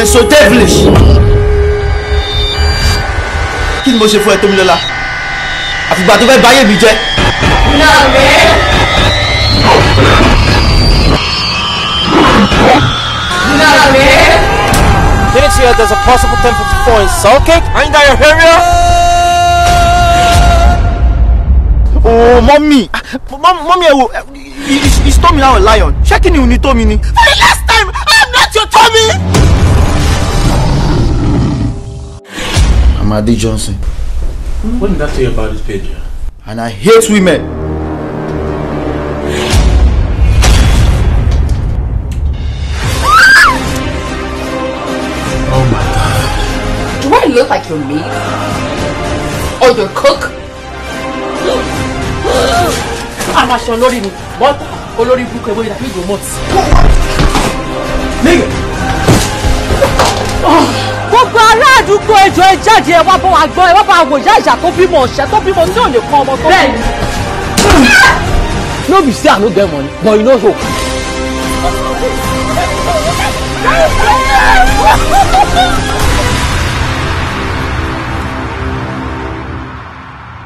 you're so devilish. kí ni mo ṣe fún ẹ tó mi lọ́la àfìgbà tó fẹ́ báyé mi jẹ́. lọ́ọ̀rẹ́. lọ́ọ̀rẹ́. Didn't you hear there's a possible 1054 in Soul Cake? Ain't that your area? Oh, mommy. Ah, mom, mommy, I eh, will. Oh, eh, he, he, he stole me now a lion. Checking you, you told For the last time, I'm not your Tommy. Madi Johnson. What did that tell you about this page? And I hate women. Oh my god. Do I look like your meat Or your cook? I'm not sure Lori, but Olori Buke, wait, I need your mots. Nigga! gbọ́ ẹjọ́ ẹ jáde ẹ wá bọ́ wa gbọ́ ẹ wá bá wò ìyá ìyá tó bímọ ọ̀sẹ̀ tó bímọ ní òní kan ọmọ tó bẹ́ẹ̀ no be say i no get money but you no hope.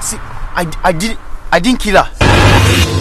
See, I, I, did, I didn't kill her.